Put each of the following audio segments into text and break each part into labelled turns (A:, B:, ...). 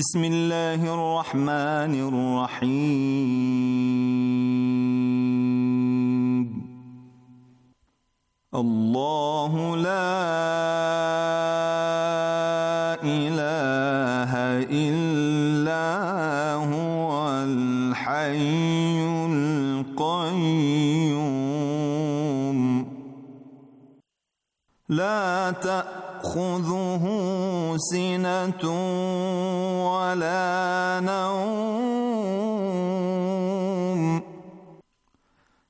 A: بسم الله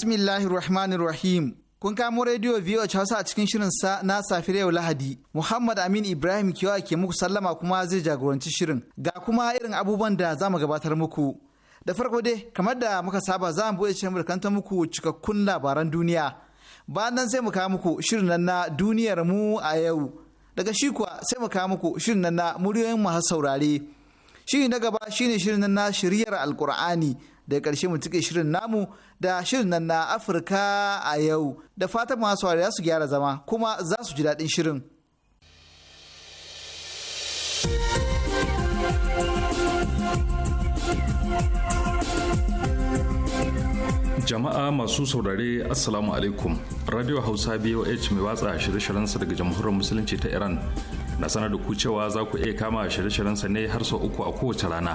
B: Bismillahirrahmanirrahim. Kun kamo rediyo VOH Hausa a cikin shirin sa na safiyar yau Lahadi. Muhammad Amin Ibrahim Kewa ke muku sallama kuma zai jagoranci shirin. Ga kuma irin abubuwan da za mu gabatar muku. Da farko dai, kamar da muka saba za mu buɗe shirin mulkanta muku cikakkun labaran duniya. Bayan nan sai mu kawo muku shirin nan na duniyar mu a yau. Daga shi kuwa sai mu kawo muku shirin nan na muryoyin masu saurare. Shiri na gaba shine shirin nan na shiryar Alkur'ani. da ƙarshe mu cike shirin namu da shirin nan na Afirka a yau da fatan masu za su gyara zama kuma za su ji daɗin shirin.
C: jama'a masu saurare assalamu alaikum radio hausa boh mai watsa shirye-shiryensa daga jamhuriyar musulunci ta iran na sanar da ku cewa za ku iya kama shirye-shiryensa ne har sau uku a kowace rana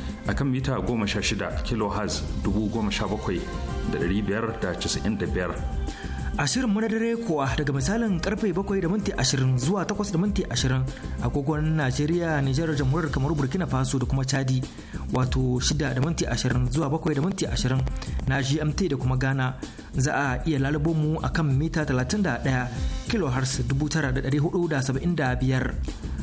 C: a kan mita 16 kHz 17,595. A Ashirin
D: madadare kuwa daga misalin karfe 7 da minti 20 zuwa 8 da minti 20 agogon Najeriya, Nijar, Jamhuriyar Kamaru, Burkina Faso da kuma Chadi wato 6 da minti 20 zuwa 7 da minti 20 na GMT da kuma Ghana za a iya lalubo mu a kan mita 31 kHz
C: 9,475.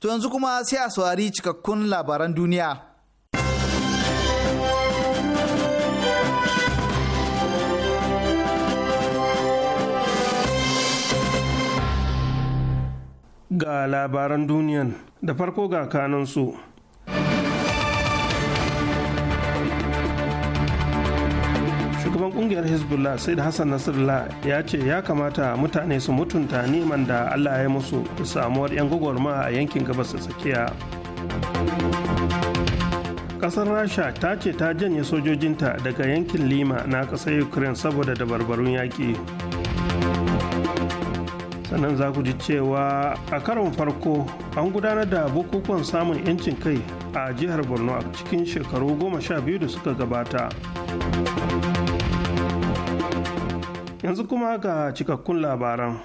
B: To yanzu kuma sai a saurari cikakkun labaran duniya.
E: Ga labaran duniyan da farko ga kanansu. kungiyar hezbollah said hassan nasrallah ya ce ya kamata mutane su mutunta neman da allah ya musu da samuwar 'yan gwagwarma a yankin gabas da tsakiya kasar rasha ta ce ta janye sojojinta daga yankin lima na kasar ukraine saboda dabarbarun yaƙi sannan za ku ji cewa a karon farko an gudanar da bukukuwan samun 'yancin kai a jihar borno a cikin shekaru goma sha biyu da suka gabata yanzu kuma ga cikakkun labaran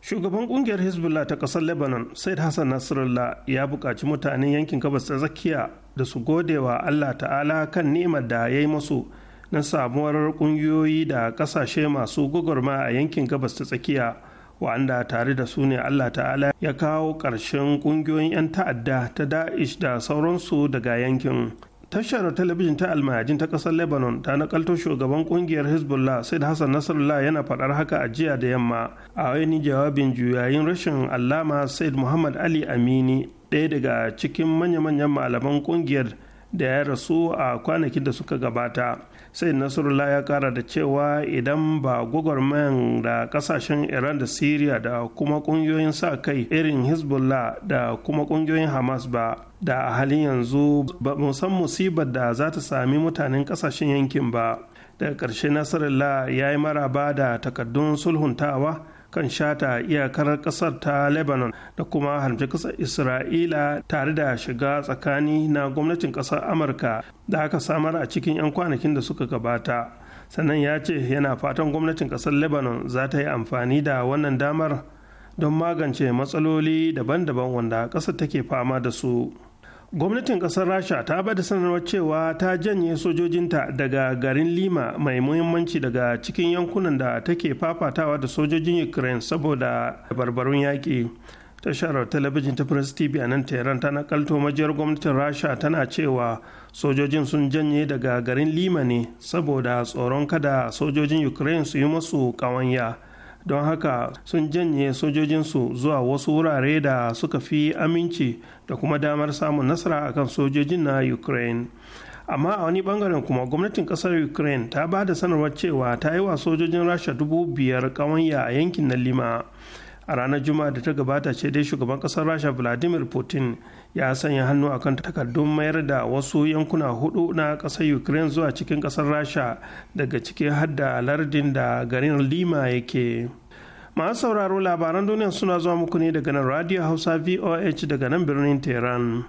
E: shugaban kungiyar hezbollah ta kasar lebanon said hassan nasrallah ya buƙaci mutanen yankin gabas ta tsakiya da su gode wa allah ta'ala kan ni'imar da ya yi masu na samuwar ƙungiyoyi da ƙasashe masu gwagwarma a yankin gabas ta tsakiya wa'anda tare da su ne allah ta'ala ya kawo ƙarshen ƙungiyoyin 'yan ta'adda ta da'ish da sauransu daga yankin tashar talabijin ta almahajin ta kasar lebanon ta nakalto shugaban kungiyar hezbollah said hassan nasarullah yana faɗar haka a jiya da yamma a wani jawabin juyayin rashin alama said muhammad ali amini ɗaya daga cikin manya-manyan malaman kungiyar da ya rasu a kwanakin da suka gabata sai nasarullah ya kara da cewa idan ba gwagwarmayan da kasashen iran da syria da kuma kungiyoyin sa kai irin hezbollah da kuma kungiyoyin hamas ba da a halin yanzu ba mu san musibar da za ta sami mutanen kasashen yankin ba daga ƙarshe nasarullah ya yi maraba da takaddun sulhuntawa kan shata iyakar ƙasar ta lebanon da kuma harbe ƙasar isra'ila tare da shiga tsakani na gwamnatin ƙasar amurka da aka samar a cikin 'yan kwanakin da suka gabata sannan ya ce yana fatan gwamnatin ƙasar lebanon za ta yi amfani da wannan damar don magance matsaloli daban-daban wanda ƙasar take fama da su. gwamnatin kasar rasha ta bada sanarwar cewa ta janye sojojinta daga garin lima mai muhimmanci daga cikin yankunan da take fafatawa da sojojin ukraine saboda barbarun yaƙi tashar talabijin ta press tv a nan tehran ta nakalto majiyar gwamnatin rasha tana cewa sojojin sun janye daga garin lima ne saboda tsoron kada sojojin ukraine su yi masu ƙawanya. don haka sun janye sojojinsu zuwa wasu wurare da suka fi aminci da kuma damar samun nasara akan sojojin na ukraine amma a wani bangaren kuma gwamnatin kasar ukraine ta ba da sanarwar cewa ta yi wa sojojin rasha dubu biyar kawanya a yankin na lima a ranar juma'a da ta gabata ce dai shugaban kasar rasha vladimir putin ya sanya hannu a kan takardun mayar da wasu yankuna hudu na ƙasar ukraine zuwa cikin ƙasar rasha daga cikin hadda lardin da garin lima yake masu sauraro labaran duniya suna zuwa muku ne daga nan radio hausa voh daga nan birnin tehran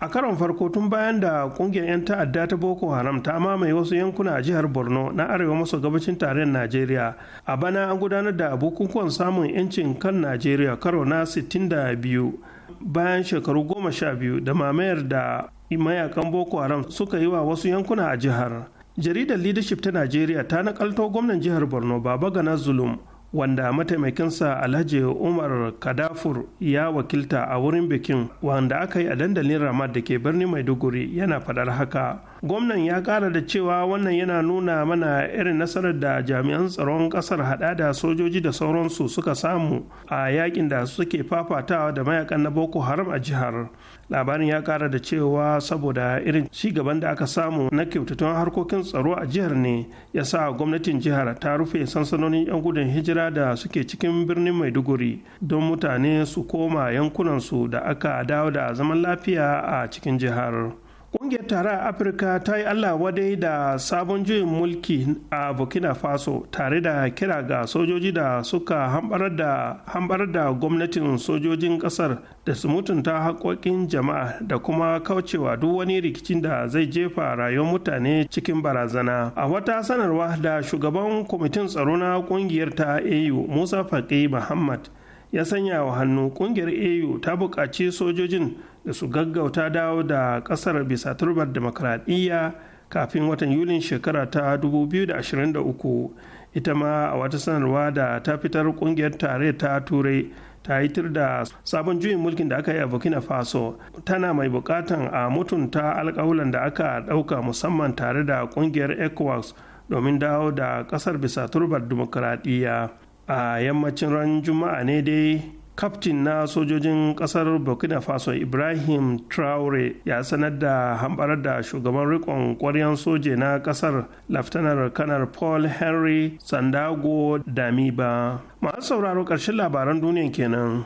E: a karon farko tun bayan da kungiyar 'yan ta'adda ta boko haram ta mamaye wasu yankuna a jihar borno na arewa maso gabashin tarayyar najeriya a bana an gudanar da bukukuwan samun 'yancin kan najeriya karo na 62 bayan shekaru goma sha biyu da mamayar da mayakan boko haram suka yi wa wasu yankuna a jihar jaridar leadership ta najeriya ta nakalto gwamnan jihar borno baba gana zulum wanda mataimakinsa alhaji umar kadafur ya wakilta a wurin bikin wanda aka yi a dandalin ramad da ke birnin maiduguri yana fadar haka gwamnan ya kara da cewa wannan yana nuna mana irin nasarar da jami'an tsaron kasar hada da sojoji da sauransu suka samu a yakin da suke fafatawa da mayakan na boko haram a jihar labarin ya kara da cewa saboda irin ci gaban da aka samu na kyautatun harkokin tsaro a jihar ne ya sa gwamnatin jihar ta rufe sansanonin 'yan gudun hijira da suke cikin birnin maiduguri don mutane su koma yankunansu da aka dawo da zaman lafiya a cikin jihar Ƙungiyar tare a Afirka ta yi Allah wadai da sabon juyin mulki a Burkina Faso tare da kira ga sojoji da suka hambarar da gwamnatin sojojin ƙasar da su mutunta haƙoƙin jama'a da kuma kaucewa duk wani rikicin da zai jefa rayuwar mutane cikin barazana. A wata sanarwa da shugaban kwamitin tsaro na ƙungiyar ta AU Musa Faƙi Muhammad ya sanya wa hannu ƙungiyar AU ta buƙaci sojojin da su gaggauta dawo da kasar bisa turbar demokradiyya kafin watan yulin shekara ta 2023 ita ma a wata sanarwa da ta fitar kungiyar tare ta turai ta yitar da sabon juyin mulkin da aka yi a burkina faso tana mai bukatan a mutunta alkawulan da aka dauka musamman tare da kungiyar ecowas domin dawo da kasar bisa turbar demokradiyya a yammacin ran juma'a ne dai kaftin na sojojin kasar burkina faso ibrahim traore ya sanar da hambarar da shugaban rikon kwaryan soje na kasar laftanar kanar paul henry sandago damiba masu sauraro ƙarshen labaran duniya kenan.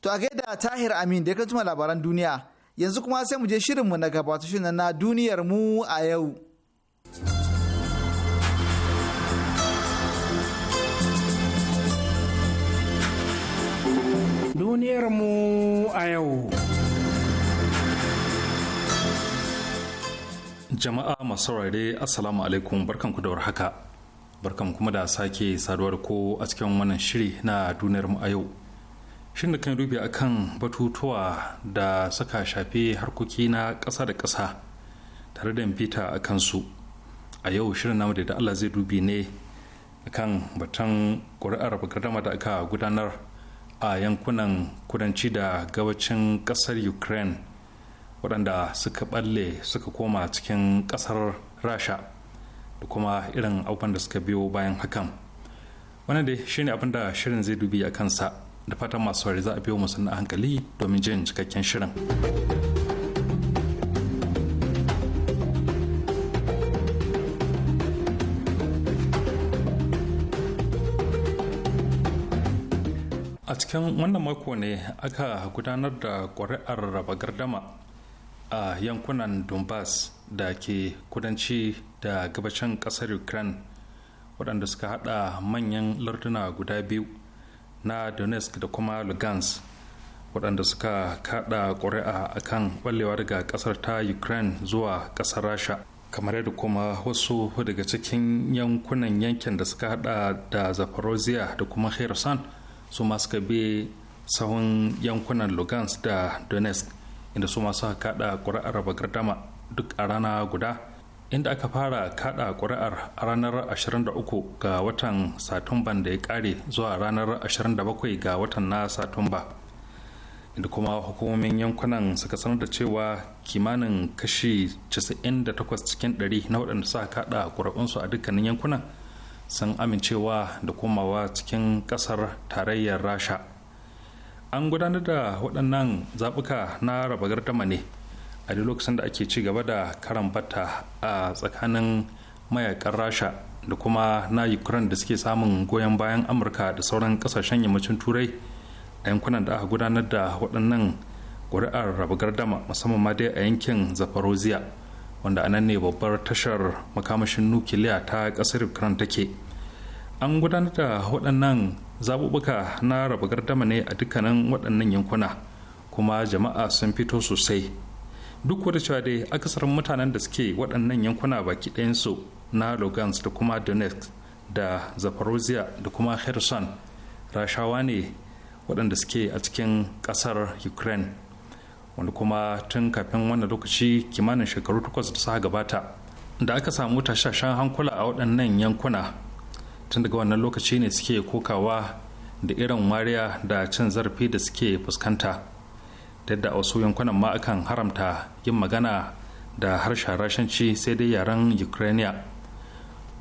B: To a gaida Tahir Amin da ya kuma labaran duniya yanzu kuma sai mu je shirin shirinmu na gabata shirin na duniyar mu a yau.
F: Duniyar mu a yau.
C: Jama'a masu Assalamu alaikum barkanku da warhaka. Barkan kuma da sake saduwar ko a cikin wannan shiri na duniyar mu a yau. shin da kan rufe akan batutuwa da suka shafi harkoki na ƙasa da ƙasa tare da mpita a kansu a yau shirin namu da Allah zai dubi ne kan batun ƙuri'ar bagardama da aka gudanar a yankunan kudanci da gabacin ƙasar ukraine waɗanda suka ɓalle suka koma cikin ƙasar rasha da kuma irin abubuwan da suka biyo bayan hakan wannan dai shine abin da shirin zai dubi a kansa da fatan masu saurari za a biyo musu na hankali domin jin cikakken shirin a cikin wannan mako ne aka gudanar da ƙuri'ar raba gardama a yankunan donbass da ke kudanci da gabashin ƙasar ukraine waɗanda suka haɗa manyan larduna guda biyu na donetsk da kuma lugansk waɗanda suka kaɗa ƙuri'a akan ɓallewa daga ƙasar ta ukraine zuwa ƙasar rasha kamar yadda kuma wasu daga cikin yankunan yankin da suka haɗa da zaporozhia da kuma kherson su ma suka bi sahun yankunan lugansk da donetsk inda su masu ƙuri'ar raba bagardama duk a rana guda inda aka fara kada ƙuri'ar a ranar 23 ga watan satumban da ya kare zuwa ranar 27 ga watan na satumba inda kuma hukumomin yankunan suka sanar da cewa kimanin kashi 98 cikin 100 na waɗanda suka kada kuri'unsu a dukkanin yankunan sun amincewa da komawa cikin ƙasar tarayyar rasha an gudanar da waɗannan zaɓuka na raba gardama ne a duk lokacin da ake ci gaba da karambata a tsakanin mayakan rasha da kuma na ukraine da suke samun goyon bayan amurka da sauran kasashen yammacin turai a yankunan da aka gudanar da waɗannan ƙuri'ar raba gardama musamman ma dai a yankin zaporozhia wanda anan ne babbar tashar makamashin nukiliya ta ƙasar ukraine take an gudanar da waɗannan zaɓuɓɓuka na raba gardama ne a dukkanin waɗannan yankuna kuma jama'a sun fito sosai duk wata cewa dai akasarin mutanen da suke waɗannan yankuna baki ɗayansu na lugansk da kuma donetsk da zaporozhia da kuma kherson rashawa ne waɗanda suke a cikin ƙasar ukraine wanda kuma tun kafin wannan lokaci kimanin shekaru takwas da suka gabata da aka samu tashashen hankula a waɗannan yankuna tun daga wannan lokaci ne suke kokawa da irin wariya da cin zarafi da suke fuskanta yadda a wasu yankunan ma akan haramta yin magana da harshen rashanci sai dai yaren ukraine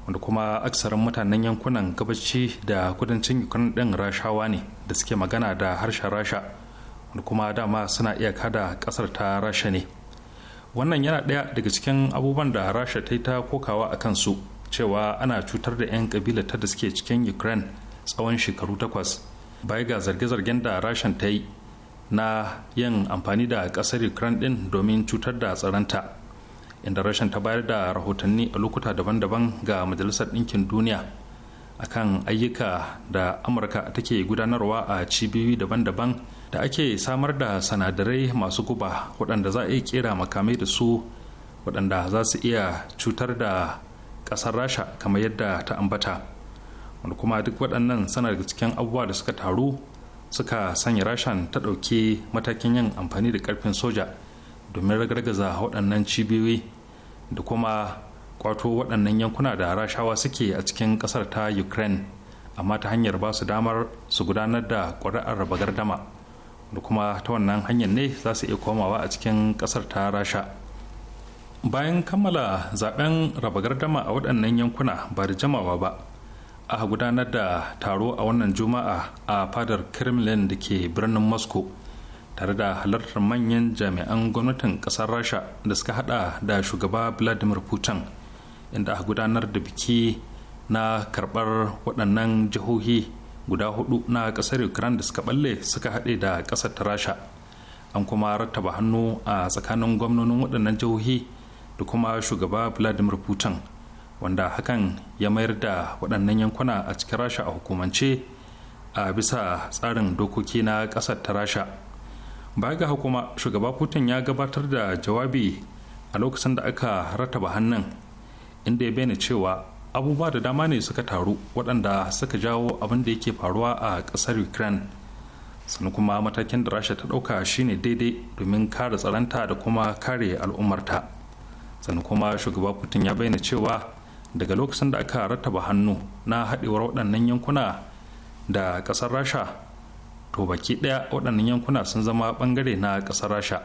C: wanda kuma aksarin mutanen yankunan gabaci da kudancin ukraine din rashawa ne da suke magana da harshen rasha wanda kuma dama suna iya kada kasar ta rasha ne wannan yana ɗaya daga cikin abubuwan da rasha ta yi ta kokawa a kansu cewa ana cutar da 'yan kabila ta da suke cikin ukraine tsawon shekaru takwas baya ga zarge-zargen da rashan ta yi na yin amfani da ƙasar ukraine ɗin domin cutar da tsaranta inda rashin ta bayar da rahotanni a lokuta daban-daban ga majalisar ɗinkin duniya akan ayyuka da amurka take gudanarwa a cibiyoyi daban-daban da ake samar da sanadarai masu guba waɗanda za a iya kera makamai da su waɗanda za su iya cutar da ƙasar rasha kamar yadda ta ambata wanda kuma duk waɗannan sanar cikin abubuwa da suka taru suka sanya rashan ta ɗauki matakin yin amfani da karfin soja domin ragargaza waɗannan cibiyoyi da kuma kwato waɗannan yankuna da rashawa suke a cikin ƙasar ta ukraine amma ta hanyar ba su damar su gudanar da ƙuri'ar gardama da kuma ta wannan hanyar ne za su iya komawa a cikin ƙasar ta rasha bayan kammala zaben raba gardama a waɗannan yankuna ba da jamawa ba aka gudanar da taro a wannan juma'a a fadar kremlin da ke birnin moscow tare da halartar manyan jami'an gwamnatin kasar rasha da suka hada da shugaba vladimir putin inda aka gudanar da biki na karbar waɗannan jihohi guda hudu na ƙasar ukraine da suka balle suka haɗe da ƙasar ta rasha an kuma rattaba hannu a tsakanin gwamnonin waɗannan jihohi da kuma shugaba vladimir putin wanda hakan ya mayar da waɗannan yankuna a cikin rasha a hukumance a bisa tsarin dokoki na ƙasar ta rasha baya ga hukuma shugaba putin ya gabatar da jawabi a lokacin da aka rataba hannun inda ya bayyana cewa abubuwa da dama ne suka taru waɗanda suka jawo abin da yake faruwa a ƙasar ukraine sannan kuma matakin da rasha ta ɗauka shine daidai domin kare tsaranta da kuma kare al'ummarta sannan kuma shugaba putin ya bayyana cewa daga lokacin da aka rattaba hannu na haɗewar waɗannan yankuna da ƙasar rasha to baki ɗaya waɗannan yankuna sun zama ɓangare na ƙasar rasha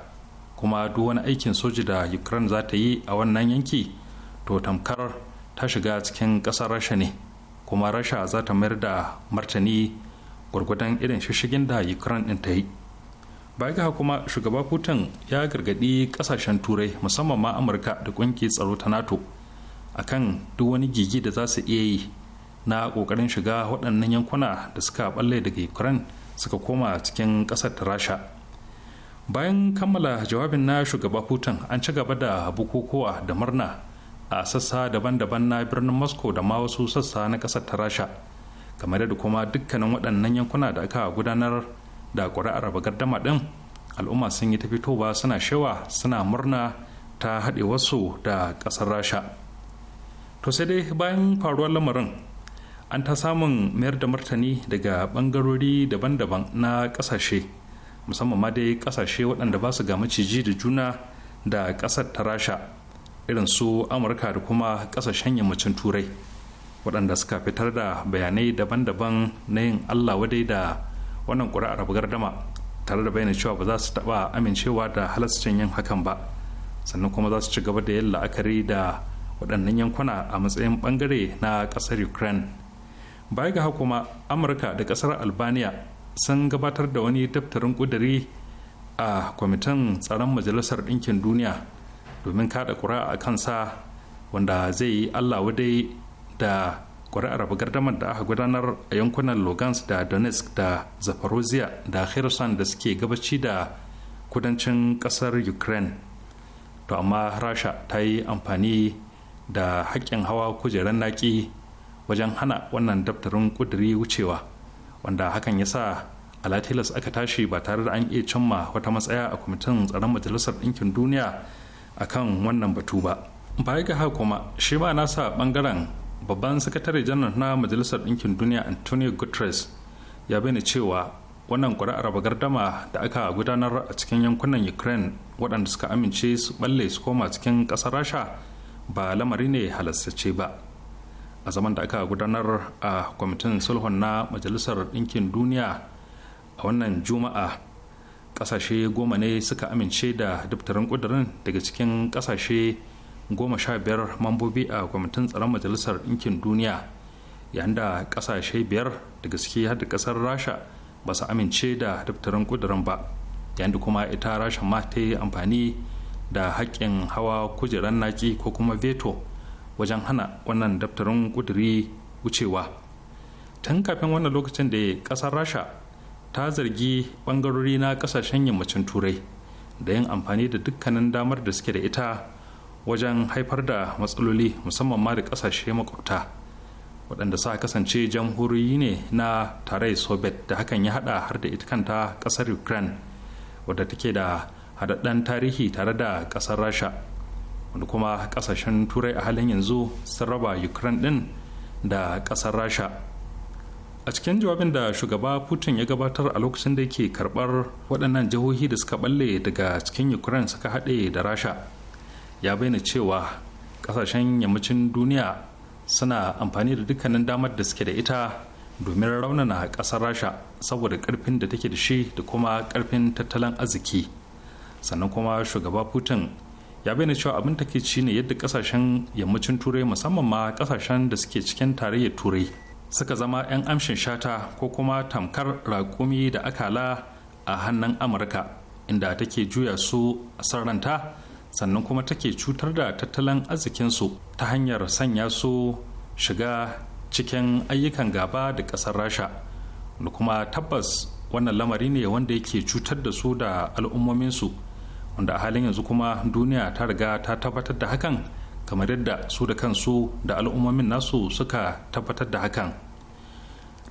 C: kuma duk wani aikin soji da ukraine za ta yi a wannan yanki to tamkar ta shiga cikin ƙasar rasha ne kuma rasha za ta mayar da martani gwargwadon irin shishigin da ukraine din ta yi baya ga kuma shugaba putin ya gargaɗi ƙasashen turai musamman ma amurka da ƙungiyar tsaro ta nato akan duk wani gigi da za su iya yi na kokarin shiga waɗannan yankuna da suka balle daga ukraine suka koma cikin ƙasar ta rasha bayan kammala jawabin na shugaba putin an ci gaba da bukukuwa da murna a sassa daban-daban na birnin moscow da ma wasu sassa na ƙasar ta rasha kamar da kuma dukkanin waɗannan yankuna da aka gudanar da ƙuri'ar gardama ɗin al'umma sun yi ta fitowa suna shewa suna murna ta haɗe wasu da ƙasar rasha to sai dai bayan faruwar lamarin an ta samun mayar da martani daga bangarori daban-daban na kasashe musamman ma dai kasashe waɗanda ba su ga maciji da juna da ƙasar ta rasha irin su amurka da kuma ƙasashen yammacin turai waɗanda suka fitar da bayanai daban-daban na yin allah wadai da wannan ƙuri'ar gardama tare da bayyana cewa ba za su taɓa amincewa da halascin yin hakan ba sannan kuma za su ci gaba da yin la'akari da waɗannan yankuna a matsayin ɓangare na ƙasar ukraine baya ga kuma amurka da ƙasar albania sun gabatar da wani daftarin ƙuduri a kwamitin tsaron majalisar ɗinkin duniya domin kada ƙuri'a a kansa wanda zai yi allah wadai da ƙuri'ar gardamar da aka gudanar a yankunan logans da donetsk da zaporozhia da kherson da suke gabaci da kudancin ƙasar ukraine to amma rasha ta yi amfani da haƙƙin hawa kujerar naƙi wajen hana wannan daftarin ƙuduri wucewa wanda hakan ya sa alatilas aka tashi ba tare da an iya cimma wata matsaya a kwamitin tsaron majalisar ɗinkin duniya a kan wannan batu ba baya ga haka kuma shi ma nasa bangaren babban sakatare janar na majalisar ɗinkin duniya antonio guterres ya bayyana cewa wannan ƙuri'ar bagardama da aka gudanar a cikin yankunan ukraine waɗanda suka amince su balle su koma cikin ƙasar rasha ba lamari ne halastace ba a zaman da aka gudanar a kwamitin sulhun na majalisar ɗinkin duniya a wannan juma'a ƙasashe goma ne suka amince da daftarin ƙudurin daga cikin ƙasashe goma sha biyar mambobi a kwamitin tsaron majalisar ɗinkin duniya yayin da ƙasashe biyar daga ciki har da ƙasar rasha ba su amince da daftarin ƙudurin ba yayin da kuma ita rasha ma ta yi amfani da haƙƙin hawa kujeran naki ko kuma veto wajen hana wannan daftarin ƙuduri wucewa tun kafin wannan lokacin da ƙasar rasha ta zargi ɓangarori na ƙasashen yammacin turai da yin amfani da dukkanin damar da suke da ita wajen haifar da matsaloli musamman ma da ƙasashe makwabta waɗanda sa kasance jamhuriyi ne na tarayyar soviet da hakan ya haɗa har da ita kanta ƙasar ukraine wadda take da haɗaɗɗen tarihi tare da ƙasar rasha wanda kuma ƙasashen turai a halin yanzu sun raba ukraine ɗin da ƙasar rasha a cikin jawabin da shugaba putin ya gabatar a lokacin da yake karɓar waɗannan jihohi da suka balle daga cikin ukraine suka haɗe da rasha ya bayyana cewa ƙasashen yammacin duniya suna amfani da dukkanin damar da suke da ita domin raunana ƙasar rasha saboda ƙarfin da take da shi da kuma ƙarfin tattalin arziki sannan kuma shugaba putin ya bayyana cewa abin ci ne yadda kasashen yammacin turai musamman ma kasashen da suke cikin tarayyar turai suka zama 'yan amshin shata ko kuma tamkar raƙumi da akala a hannun amurka inda take juya su a sarranta sannan kuma take cutar da tattalin arzikinsu ta hanyar sanya su shiga cikin ayyukan gaba da ƙasar rasha da kuma tabbas wannan lamari ne wanda yake cutar da su da al'ummominsu wanda a halin yanzu kuma duniya ta riga ta tabbatar da hakan kamar yadda su da kansu da al'ummomin nasu suka tabbatar da hakan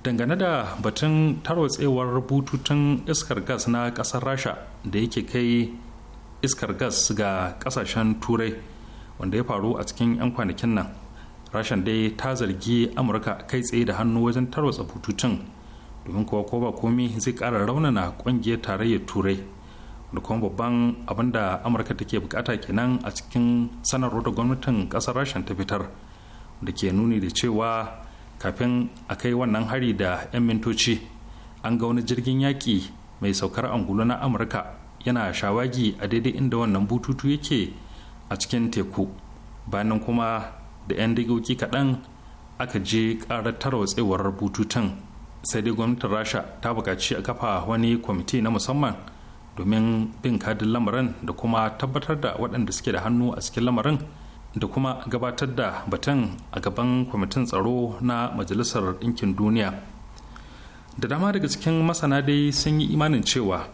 C: dangane da batun tarwatsewar bututun iskar gas na kasar rasha da yake kai iskar gas ga kasashen turai wanda ya faru a cikin 'yan kwanakin nan rashan dai ta zargi amurka kai tsaye da hannu wajen tarwatsa bututun domin kuwa ko ba komi zai kara raunana kungiyar tarayyar turai da kuma babban abin da amurka take bukata kenan a cikin sanarwar da gwamnatin kasar rashin ta fitar da ke nuni da cewa kafin a kai wannan hari da 'yan mintoci an ga wani jirgin yaƙi mai saukar angulu na amurka yana shawagi a daidai inda wannan bututu yake a cikin teku bayan kuma da 'yan digoki kaɗan aka je ƙarar tarwatsewar bututun sai dai gwamnatin rasha ta buƙaci a kafa wani kwamiti na musamman domin bin kadin lamarin da kuma tabbatar da waɗanda suke da hannu a cikin lamarin da kuma gabatar da batun a gaban kwamitin tsaro na majalisar ɗinkin duniya da dama daga cikin masana dai sun yi imanin cewa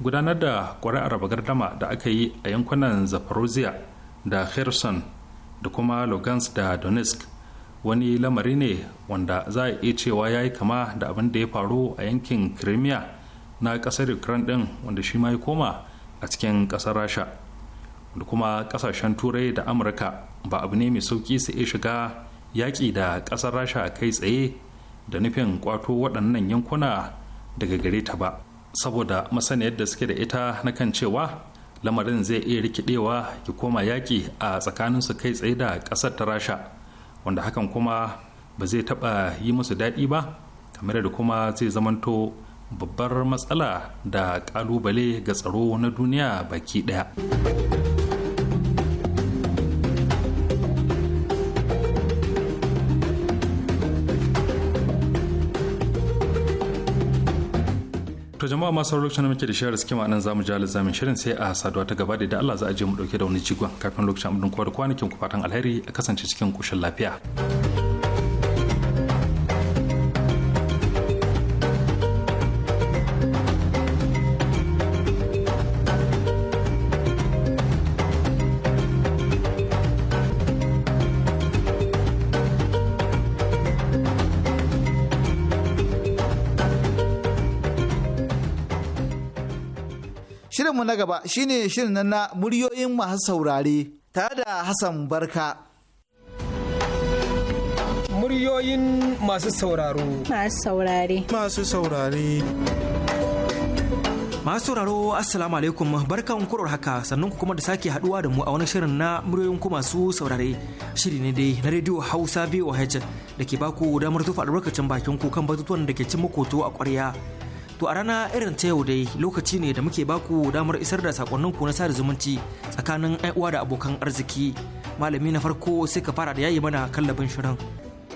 C: gudanar da ƙuri'ar bagardama da aka yi a yankunan zaporozhia da kherson da kuma logans da donetsk wani lamari ne wanda za a iya cewa ya yi kama da abin da ya faru a yankin crimea na kasar ukraine din wanda shi ma ya koma a cikin kasar rasha da kuma kasashen turai da amurka ba abu ne mai sauki su iya shiga yaƙi da kasar rasha kai tsaye da nufin kwato waɗannan yankuna daga gare ta ba saboda masaniyar da suke da ita na kan cewa lamarin zai iya rikidewa ya koma yaƙi a tsakanin su kai tsaye da ƙasar ta rasha wanda hakan kuma ba zai taɓa yi musu daɗi ba kamar da kuma zai zamanto babbar matsala da kalubale ga tsaro na duniya baki daya to jama'a masu lokacin da muke da shirin skima za zamu ji zamin shirin sai a saduwa ta gaba da da Allah za a je mu dauke da wani jigon kafin lokacin amudin kowa da kwanakin kufatan fatan alheri a kasance cikin kushin lafiya.
B: gaba shine shirin na muryoyin masu saurare tare da Hassan Barka.
D: Muryoyin masu sauraro.
A: Masu saurare. Masu
D: saurare. Masu sauraro Assalamu alaikum barkan kurar haka sannan ku kuma da sake haduwa da mu a wani shirin na muryoyin ku masu saurare shiri ne dai na rediyo Hausa VOH da ke baku damar tufa albarkacin bakin ku kan batutuwan da ke cin makoto a ƙwarya To a rana irin ta yau dai lokaci ne da muke baku damar isar da sakonninku na sada zumunci tsakanin uwa da abokan arziki. Malami na farko sai ka fara da yayi mana kallabin shirin.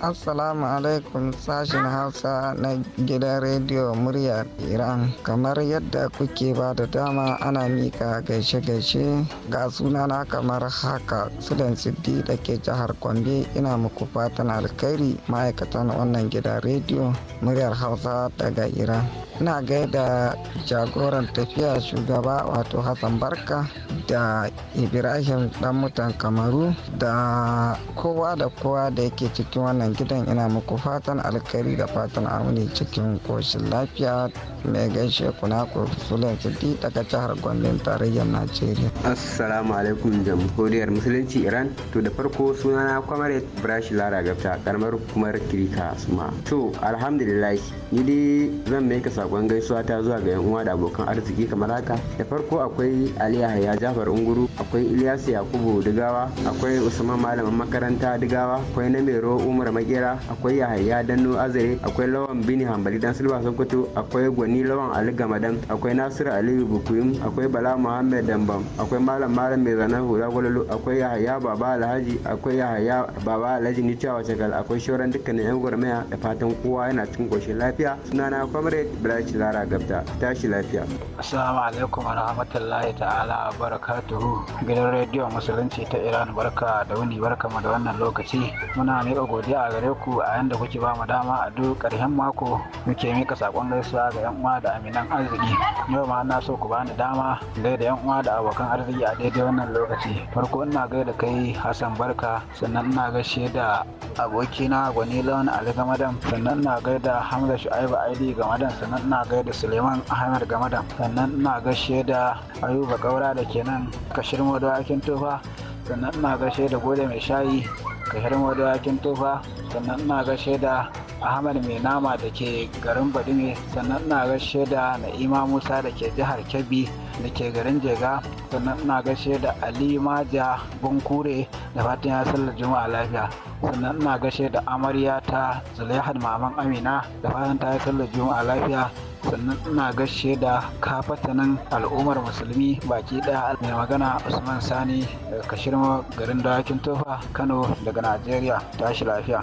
G: Assalamu alaikum sashen Hausa na gidan rediyo muryar Iran. Kamar yadda kuke ba da dama ana mika gaishe-gaishe ga sunana kamar haka Sudan Siddi da ke jihar Kwambe ina muku fatan alkhairi ma'aikatan wannan gidan rediyo muryar Hausa daga Iran. Ina gaida jagoran tafiya shugaba wato Hassan Barka da Ibrahim dan mutan Kamaru da kowa da kowa da yake cikin wannan wannan gidan ina muku fatan alkari da fatan amini cikin koshin lafiya mai gaishe kuna ku sulen sidi daga jihar gombe tarayyar najeriya assalamu alaikum jamhuriyar musulunci iran to da farko sunana kwamare brashi lara gafta karamar kumar kirika suma to alhamdulillah ni dai zan mai ka sakon gaisuwa ta zuwa ga yanuwa uwa da abokan arziki kamar haka da farko akwai ali yahaya jafar unguru akwai ilyasu yakubu digawa akwai usman malamin makaranta digawa akwai namero umar makera akwai yahaya danno azare akwai lawan bini hambali dan silba sokoto akwai gwani lawan ali gamadan akwai nasiru aliyu bukuyum akwai bala muhammed dambam akwai malam malam mai zanen hula gwalolo akwai yahaya baba alhaji akwai yahaya baba alhaji ni wace gal akwai shauran dukkanin yan gurmaya da fatan kowa yana cikin koshin lafiya sunana comrade ibrahim lara gabta tashi lafiya
H: assalamu alaikum wa rahmatullahi ta'ala wa barakatuhu gidan rediyo musulunci ta iran barka da wuni barka mu da wannan lokaci muna ne godiya a gare ku a yanda kuke ba mu dama a duk ƙarshen mako muke mika sakon gaisuwa ga yan uwa da aminan arziki yau ma na so ku bani dama gaida yan uwa da abokan arziki a daidai wannan lokaci farko ina da kai Hassan Barka sannan ina gaishe da abokina Gwani Lawan Ali Gamadan sannan ina da Hamza Shu'aibu Aidi Gamadan sannan ina da Suleiman Ahmed Gamadan sannan ina gaishe da Ayuba Kaura da kenan Kashirmo da Akin Tofa sannan ina gaishe da Gode Mai Shayi Ka hirma da wakin sannan ina ga da ahmad mai nama da ke garin badime sannan ina ga da na'ima musa da ke jihar kebbi da ke garin jega sannan ina ga da ali maja bunkure da fatan ya sallar juma'a lafiya sannan ina ga da amarya ta zulaihar maman amina da fatan ta yi sallar juma'a lafiya sannan ina gaishe da kafatanin al'ummar musulmi baki ɗaya mai magana usman sani daga kashirma garin dawakin tofa kano daga najeriya tashi lafiya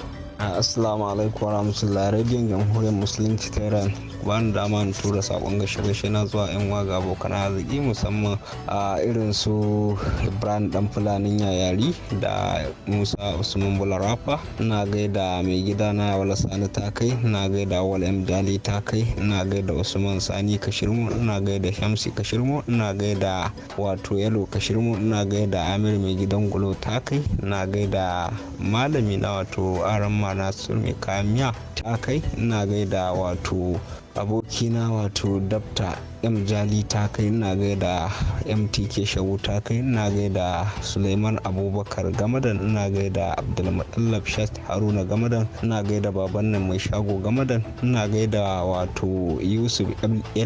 G: assalamu alaikum warahmatullahi radiyon jamhuriyar musulunci ta iran bani dama na tura sakon gashe-gashe na zuwa yan waga abokan arziki musamman a irin su ibrahim dan fulanin yayari da musa usman bularafa na gaida mai gida na wala sani ta kai na gaida wala mdali ta kai na gaida usman sani kashirmo na gaida shamsi kashirmu na gaida wato yalo kashirmo na gaida amir mai gidan gulo ta kai na gaida malami na wato aran na sulmi kamiya ta kai ina gaida wato abokina wato dabta m jali ta kai ina gaida mtk shagu ta kai ina gaida suleiman abubakar gamadan ina gaida abdulmutallab shat haruna gamadan ina gaida baban nan mai shago gamadan ina gaida wato yusuf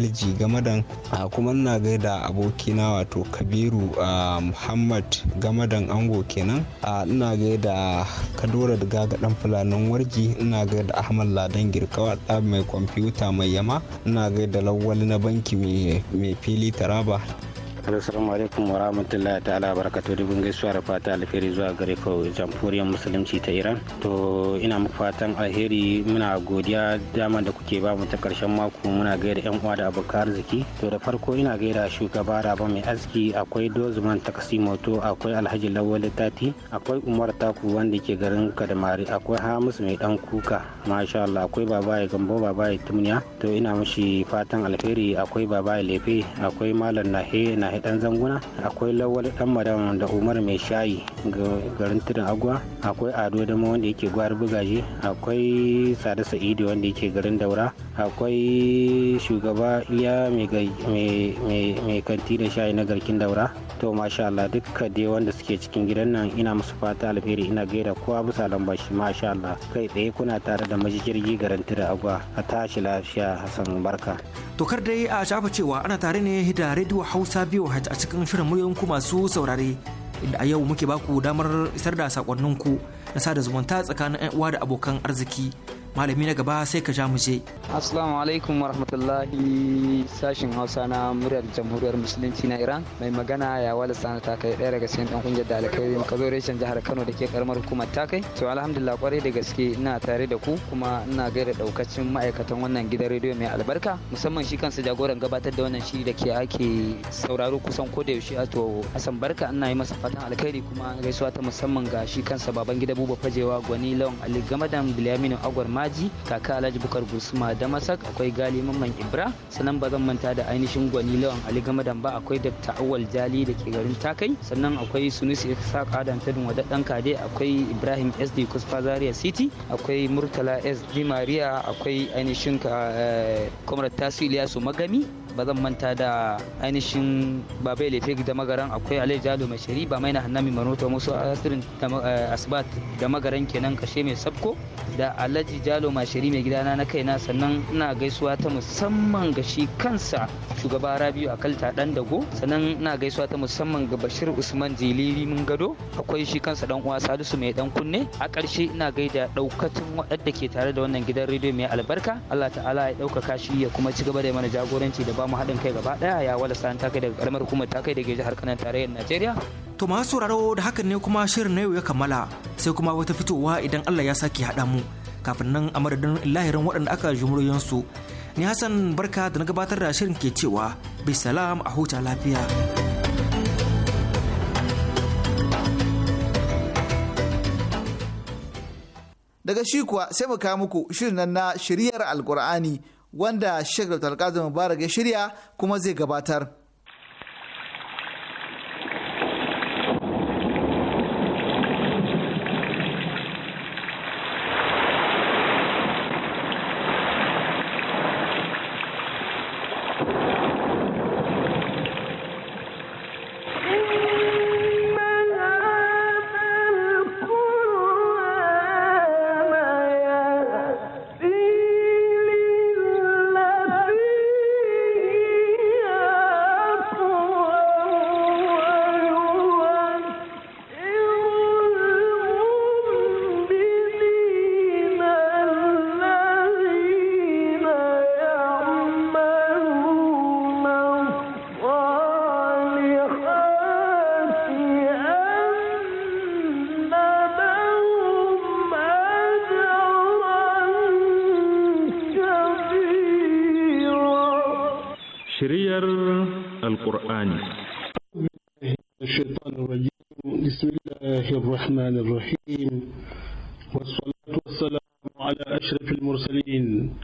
G: lg gamadan kuma ina gaida abokina wato kabiru muhammad gamadan ango kenan ina gaida kadora da gagadan fulanin warji ina gaida ahmad ladan girkawa mai kwamfuta mai yama ina gaida lawali na banki mai fili taraba
F: Hello, salamu alaikum wa rahmatullahi ta'ala barakatu dubin gaisuwa da fata alheri zuwa gare ka jamhuriyar musulunci ta Iran. To ina muku fatan alheri muna godiya dama da kuke ba mu ta karshen mako muna gaida yan uwa da abokan arziki. To da farko ina gaida shugaba Raba mai aski akwai Dozman Takasimoto akwai Alhaji Lawal Tati akwai Umar Taku wanda ke garin Kadamari akwai Hamisu mai dan kuka masha Allah akwai Babaye Gambo Babaye Tumniya to ina mushi fatan alheri akwai Babaye Lefe akwai Malam Nahe Nahe mai dan zanguna akwai lawal dan madam da umar mai shayi garin tudun agwa akwai ado dama wanda yake gwari bugaje akwai sada sa'idu wanda yake garin daura akwai shugaba iya mai kanti da shayi na garkin daura to masha Allah dukka dai wanda suke cikin gidan nan ina musu fata alheri ina gaida kowa bisa lamba shi masha Allah kai tsaye kuna tare da majigirgi garin tudun agwa a tashi lafiya hassan barka
D: Tokar dai a shafa cewa ana tare ne da rediyo Hausa biyu a cikin shirin muryoyin ku masu saurare inda a yau muke baku damar isar da sakonninku na sada zumunta tsakanin 'yan uwa da abokan arziki. malami na gaba sai ka ja mu je
I: assalamu alaikum warahmatullahi sashin hausa na muryar jamhuriyar musulunci na iran mai magana ya wala sana ta kai daya daga cikin dan kungiyar dalibai ka zo reshen jihar kano da ke karamar hukumar ta kai to alhamdulillah kwarai da gaske ina tare da ku kuma ina gaida daukacin ma'aikatan wannan gidan rediyo mai albarka musamman shi kansa jagoran gabatar da wannan shiri da ke ake sauraro kusan ko da yaushe to asan barka ina yi masa fatan alkhairi kuma gaisuwa ta musamman ga shi kansa baban gida buba fajewa gwani lawan ali gamadan bilaminu agwar Alhaji kaka alhaji bukar gusuma da masak akwai gali mamman ibra sannan ba zan manta da ainihin gwani lawan ali gamadan ba akwai dr awal jali da ke garin takai sannan akwai sunusi isaac adam tudun wadaddan kade akwai ibrahim sd kusfa zaria city akwai murtala sd maria akwai ainihin ka eh, comrade tasu iliyasu magami ba zan manta da ainihin babai lefe da magaran akwai alai jalo mai shari ba mai na hannami manota musu asirin eh, asibat da magaran kenan kashe mai sabko da alaji jalo mai shari mai gidana na kaina sannan ina gaisuwa ta musamman ga shi kansa shugaba rabiu akalta dan dago sannan ina gaisuwa ta musamman ga bashir usman jiliri mun gado akwai shi kansa dan uwa salisu mai dan kunne a ƙarshe ina gaida daukacin waɗanda ke tare da wannan gidan rediyo mai albarka allah ta'ala ya ɗaukaka shi ya kuma ci gaba da mana jagoranci da ba mu haɗin kai gaba ɗaya ya wala sa'an ta kai daga ƙaramar hukumar ta kai ke jihar kanan tarayyar najeriya to masu
D: sauraro da hakan ne kuma shirin na yau ya kammala sai kuma wata fitowa idan allah ya sake haɗa mu kafin nan a madadin lahirin waɗanda aka su ni hassan barka da na gabatar da shirin ke cewa bisalam a huta lafiya
B: daga shi kuwa sai mu kawo muku shirin na shiryar alkur'ani wanda Sheikh Dr. da Mubarak ya shirya kuma zai gabatar.
J: أشرف
K: المرسلين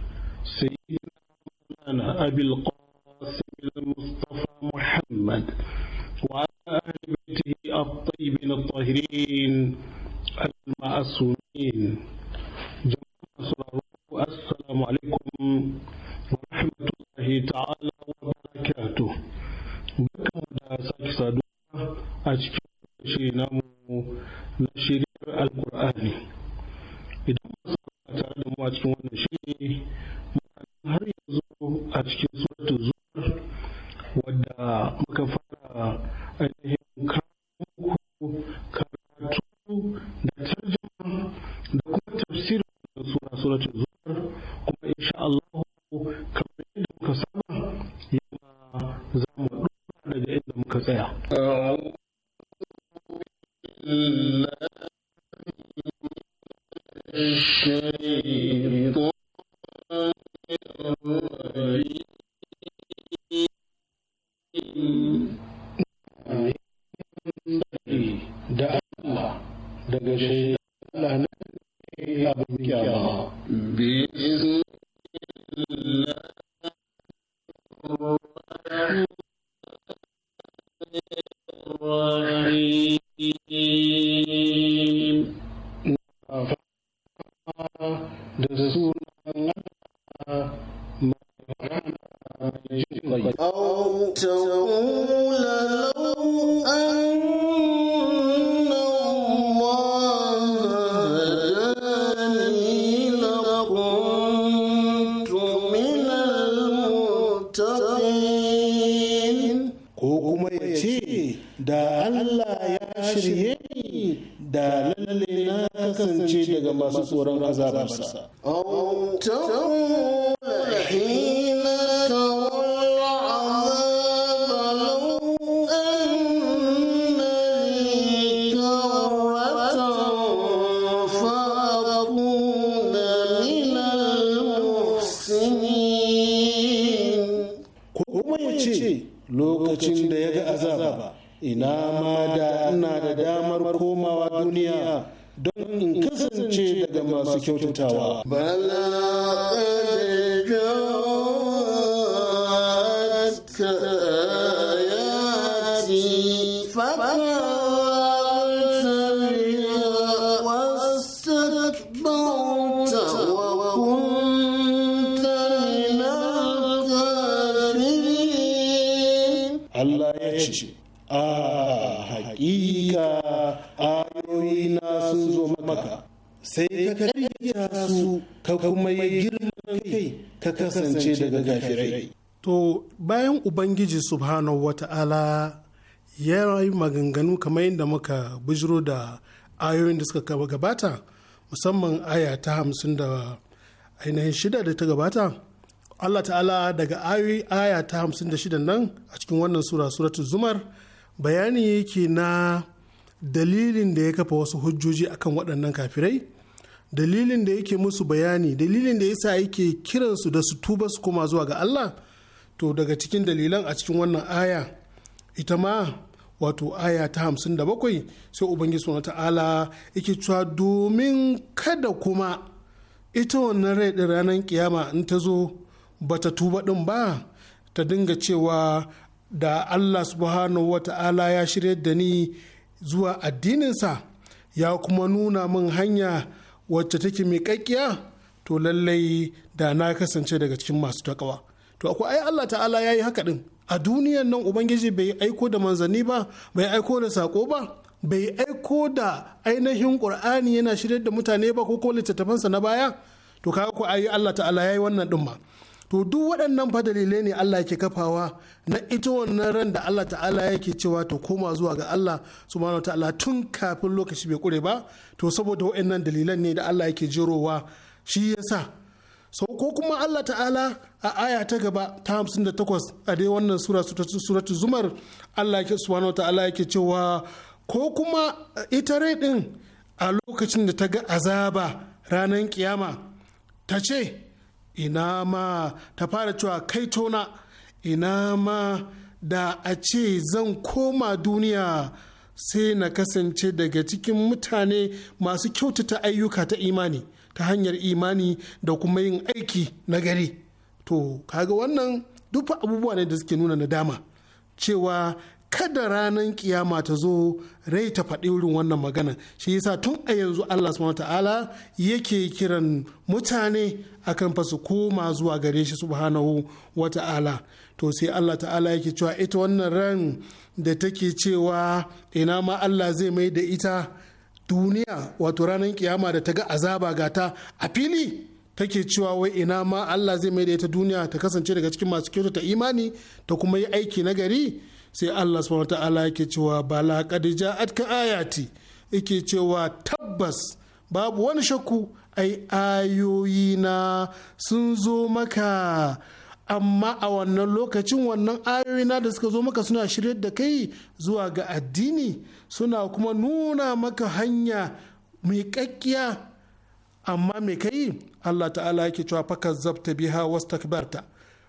L: ko kuma ya ce
J: da Allah ya
L: shirye ni da lalle na kasance daga masu tsoron azabarsa. kyautatawa. daga gafirai to bayan ubangiji subhanahu wa ta'ala ya yi maganganu kamar yadda muka bujiro da ayoyin da suka gabata musamman aya ta hamsin da ainihin shida da ta gabata Allah ta'ala daga ayoyi aya ta hamsin da shida nan a cikin wannan sura suratu zumar bayani yake na dalilin da ya kafa wasu hujjoji akan waɗannan kafirai dalilin da yake musu bayani dalilin da yasa yake kiransu da su tuba su koma zuwa ga Allah to daga cikin dalilan a cikin wannan aya ita ma wato aya ta hamsin da bakwai sai ubangiji wa ta'ala yake cewa domin kada kuma ita wannan rai ɗin ranar kiyama in ta zo ta tuba ɗin ba ta dinga cewa da Allah subhanahu wa ta'ala ya shirya da ni zuwa addininsa ya kuma nuna min hanya wacce take mai miƙaƙƙiya to lallai da na kasance daga cikin masu takawa to akwai ai Allah ta'ala ya yi haka din a duniyan nan ubangiji bai aiko da manzanni ba bai aiko da sako ba bai aiko da ainihin qur'ani yana shirye da mutane ba ko ko littattafansa na baya to kaga ko ayi Allah ta'ala ya yi wannan din ma to duk waɗannan fa dalilai ne Allah yake kafawa na ita wannan ran da Allah ta'ala yake cewa ta koma zuwa ga Allah subhanahu ta'ala tun kafin lokaci bai kure ba to saboda waɗannan dalilan ne da Allah yake jirowa shi yasa sau ko kuma Allah ta'ala a aya ta gaba ta 58 a dai wannan sura suratul zumar Allah yake subhanahu ta'ala yake cewa ko kuma ita rai din a lokacin da ta ga azaba ranar kiyama ta ce ina ma ta fara cewa kai tona ina ma da a ce zan koma duniya sai na kasance daga cikin mutane masu kyautata ayyuka ta imani ta hanyar imani da kuma yin aiki na gari to kaga wannan duk abubuwa ne da suke nuna nadama cewa kada ranar kiyama ta zo rai ta faɗi wurin wannan magana shi yasa tun a yanzu Allah subhanahu ta'ala yake kiran mutane akan fasu koma zuwa gare shi subhanahu wa ta'ala to sai Allah ta'ala yake cewa ita wannan ran da take cewa ina ma Allah zai mai da ita duniya wato ranar kiyama da ta ga azaba gata a fili take cewa wai ina ma Allah zai mai da ita duniya ta kasance daga cikin masu ta imani ta kuma yi aiki na gari sai Allah subhanahu ta'ala yake cewa bala qad ka ayati yake cewa tabbas babu wani shakku ai ayoyina sun zo maka amma a wannan lokacin wannan ayoyina da suka zo maka suna shirye da kai zuwa ga addini suna kuma nuna maka hanya mai kakkiya amma mai kai Allah ta'ala yake cewa fakar zabta biha wastakbarta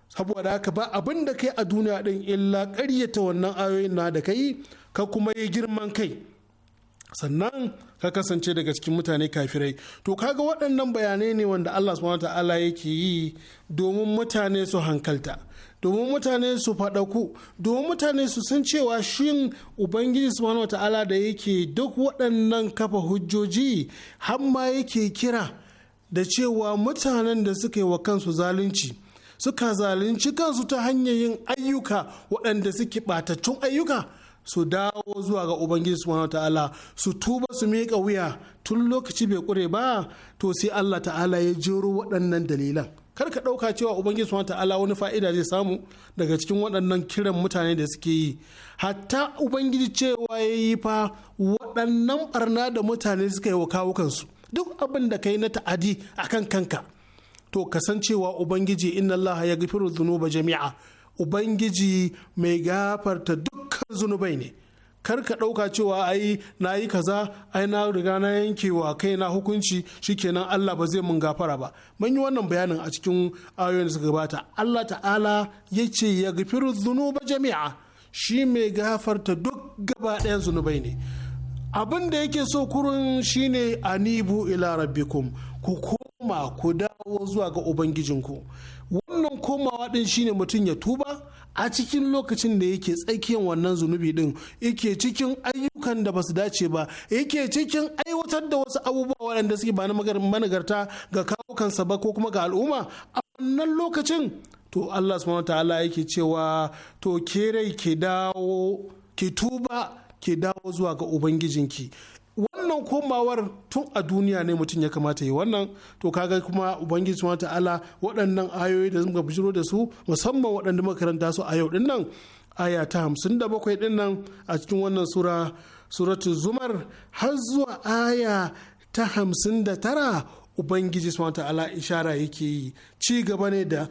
L: saboda haka ba abin da kai a duniya ɗin illa ƙaryata wannan ayoyin na da kai ka kuma yi girman kai sannan ka kasance daga cikin mutane kafirai to kaga waɗannan bayanai ne wanda Allah subhanahu ta'ala yake yi domin mutane su hankalta domin mutane su faɗaku domin mutane su san cewa shin ubangiji subhanahu ta'ala da yake duk waɗannan kafa hujjoji har yake kira da cewa mutanen da suka yi wa kansu zalunci suka zalunci kansu ta hanyar yin ayyuka waɗanda suke ɓatattun ayyuka su dawo zuwa ga ubangiji subhanahu ta'ala su tuba su miƙa wuya tun lokaci bai kure ba to sai Allah ta'ala ya jero waɗannan dalilan kar ka ɗauka cewa ubangiji subhanahu ta'ala wani fa'ida zai samu daga cikin waɗannan kiran mutane da suke yi hatta ubangiji cewa ya yi fa waɗannan barna da mutane suka yi wa kawukansu duk abin da ka yi na ta'adi akan kanka to kasancewa ubangiji inna allaha ya gafiru zunuba jami'a ubangiji mai gafarta dukkan zunubai ne kar ka ɗauka cewa ai na yi kaza ai na riga na yankewa kai na hukunci shikenan Allah ba zai mun gafara ba mun yi wannan bayanin a cikin ayoyin da suka gabata Allah ta'ala ya ce ya gafiru zunuba jami'a shi mai gafarta duk gaba ɗayan zunubai ne abin da yake so kurun shine anibu ila rabbikum ku koma ku dawo zuwa ga ubangijinku wannan komawa din shine mutum ya tuba a cikin lokacin da yake tsakiyar wannan zunubi din yake cikin ayyukan da basu dace ba yake cikin aiwatar da wasu abubuwa waɗanda suke ba na managarta ga kawo kansa ba ko kuma ga al'umma a wannan lokacin to Allah subhanahu ta'ala yake cewa to ke rai ke ki tuba ke dawo zuwa ga ubangijinki wannan komawar tun a duniya ne mutum ya kamata yi wannan to kaga kuma ubangiji wa ta'ala waɗannan ayoyi da muka bijiro da su musamman waɗanda makaranta su a yau din nan aya ta hamsin da bakwai din nan a cikin wannan sura suratu zumar har zuwa aya ta hamsin da tara ubangiji wa ta'ala ishara yake yi ci gaba ne da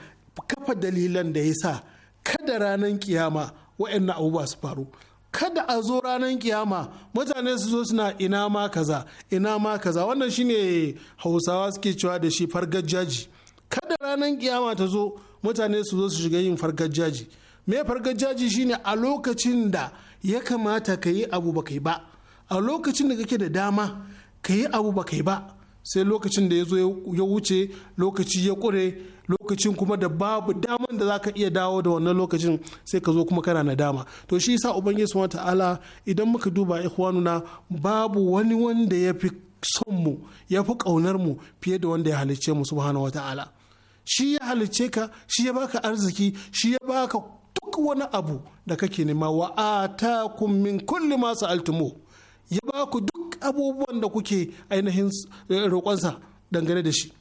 L: kafa dalilan da ya sa kada ranar kiyama waɗannan abubuwa su faru kada a zo ranar kiyama mutane su zo suna ina ma kaza ina ma kaza wannan shine hausawa suke cewa da shi fargajaji kada ranar kiyama ta zo mutane su zo su shiga yin fargajaji me fargajaji shine a lokacin da ya kamata ka yi abu ba kai ba a lokacin da kake da dama ka yi abu ba kai ba sai lokacin da ya zo ya wuce lokaci ya kure lokacin kuma da babu daman da za ka iya dawo da wannan lokacin sai ka zo kuma kana na dama to shi yasa ubangiji subhanahu ta'ala idan muka duba ikhwanuna babu wani wanda ya fi son mu ya fi kaunar mu fiye da wanda ya halicce mu subhanahu ta'ala shi ya halicce ka shi ya baka arziki shi ya baka duk wani abu da kake nema wa atakum min kulli ma sa'altumu ya baku duk abubuwan da kuke ainihin eh, roƙonsa dangane da shi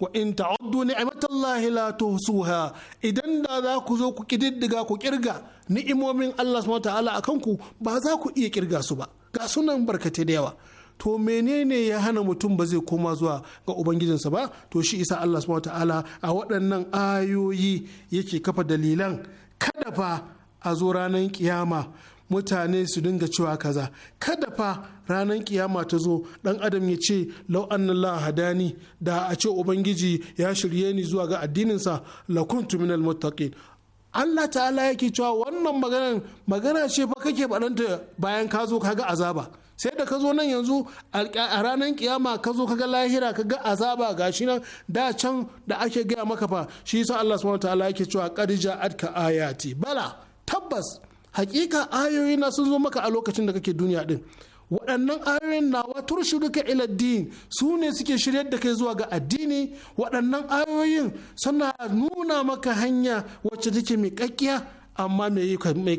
L: wa in ta'uddu ni'matallahi la tuhsuha idan da za ku zo ku kididdiga ku kirga ni'imomin Allah subhanahu ta'ala akan ku ba za ku iya kirga su ba ga sunan barkate da yawa to menene ya hana mutum ba zai koma zuwa ga ubangijinsa ba to shi isa Allah subhanahu ta'ala a waɗannan ayoyi yake kafa dalilan kada fa a zo ranar kiyama mutane su dinga cewa kaza kada fa ranar kiyama ta zo dan adam ya ce lau annallaha hadani da a ce ubangiji ya shirye ni zuwa ga addininsa la kuntu minal muttaqin Allah ta'ala yake cewa wannan maganar magana ce fa kake faɗanta bayan ka zo kaga azaba sai da ka zo nan yanzu a ranar kiyama ka zo kaga lahira kaga azaba gashi nan da can da ake gaya maka fa shi sa Allah subhanahu ta'ala yake cewa qad ja'atka ayati bala tabbas hakika ayoyi na sun zo maka a lokacin da kake duniya din waɗannan ayoyin nawa turshiduka ila din su ne suke shiryar da kai zuwa ga addini waɗannan ayoyin suna nuna maka hanya wacce take mai kakkiya amma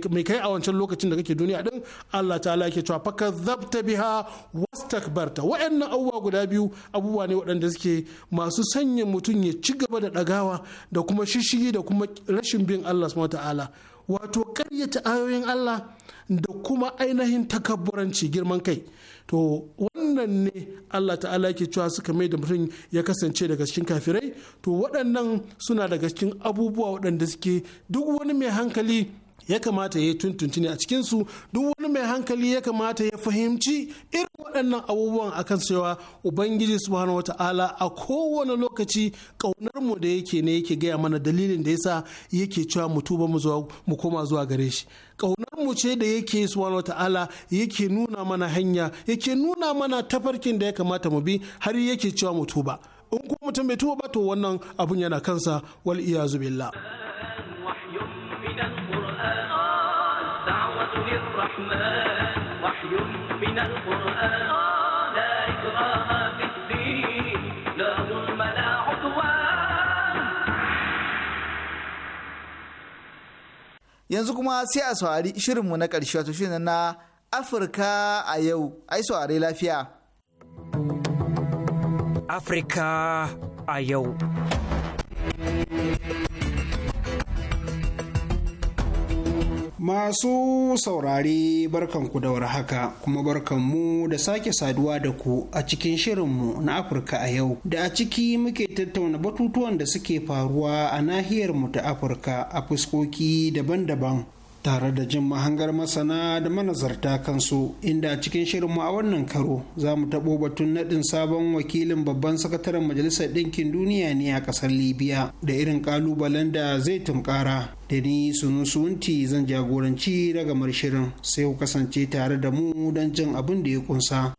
L: mai kai a wancan lokacin da kake duniya din Allah ta'ala yake cewa faka zabta biha wastakbarta waɗannan abubuwa guda biyu abubuwa ne waɗanda suke masu sanya mutum ya ci gaba da ɗagawa da kuma shishigi da kuma rashin bin Allah subhanahu ta'ala wato karyata ayoyin Allah da kuma ainihin takabburanci girman kai to wannan ne Allah ta'ala yake cewa suka mai da mutum ya kasance daga cikin kafirai to waɗannan suna daga cikin abubuwa waɗanda suke duk wani mai hankali ya kamata ya yi ne a cikinsu duk wani mai hankali ya kamata ya fahimci irin waɗannan abubuwan a kan cewa ubangiji subhanahu ta'ala a kowane lokaci ƙaunar mu da yake ne yake gaya mana dalilin da yasa yake cewa mu tuba mu koma zuwa gare shi ƙaunar mu ce da yake subhanahu ta'ala yake nuna mana hanya yake nuna mana tafarkin da ya kamata mu bi har yake cewa mu tuba in kuma mutum bai tuba ba to wannan abun yana kansa wal iyazu billah
B: yanzu kuma sai a saurari shirinmu na ƙarshe wato shirin na Afirka a yau ai saurari lafiya
D: Afirka a yau
M: Masu saurare ku da haka kuma barkanmu da sake saduwa da ku a cikin shirinmu na Afirka a yau da a ciki muke tattauna batutuwan da suke faruwa a nahiyar mu ta Afirka a fuskoki daban-daban tare da jin mahangar masana da manazarta kansu inda cikin shirin mu a wannan karo za mu taɓo batun naɗin sabon wakilin babban sakataren majalisar ɗinkin duniya ne a ƙasar libya da irin ƙalubalen da zai tunkara da ni sunu zan jagoranci daga shirin sai ku kasance tare da mu don jin abin da ya kunsa.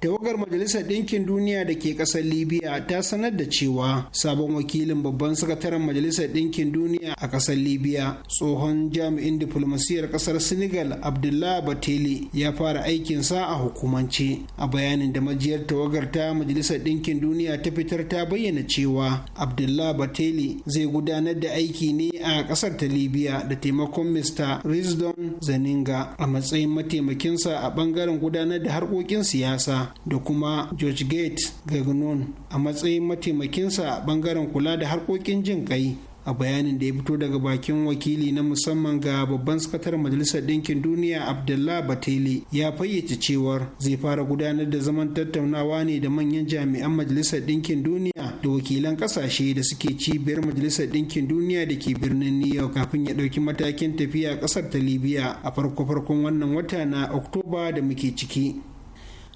M: tawagar majalisar ɗinkin duniya da ke ƙasar libya ta sanar da cewa sabon wakilin babban sakataren majalisar ɗinkin duniya a ƙasar libya tsohon jami'in diflomasiyyar ƙasar senegal abdullah batele ya fara aikinsa a hukumance a bayanin da majiyar tawagar ta majalisar ɗinkin duniya ta fitar ta bayyana cewa abdullah batele zai gudanar da aiki ne a ƙasar ta libya da taimakon mr rizdon zaninga a matsayin mataimakinsa a ɓangaren gudanar da harkokin siyasa da kuma George Gates Gagnon a matsayin mataimakinsa a bangaren kula da harkokin jin kai a bayanin da ya fito daga bakin wakili na musamman ga babban sakatar majalisar ɗinkin duniya abdullah batele ya fayyace cewar zai fara gudanar da zaman tattaunawa ne da manyan jami'an majalisar ɗinkin duniya da wakilan ƙasashe da suke cibiyar majalisar ɗinkin duniya da ke birnin new york kafin ya ɗauki matakin tafiya ƙasar ta libya a farko farkon wannan wata na oktoba da muke ciki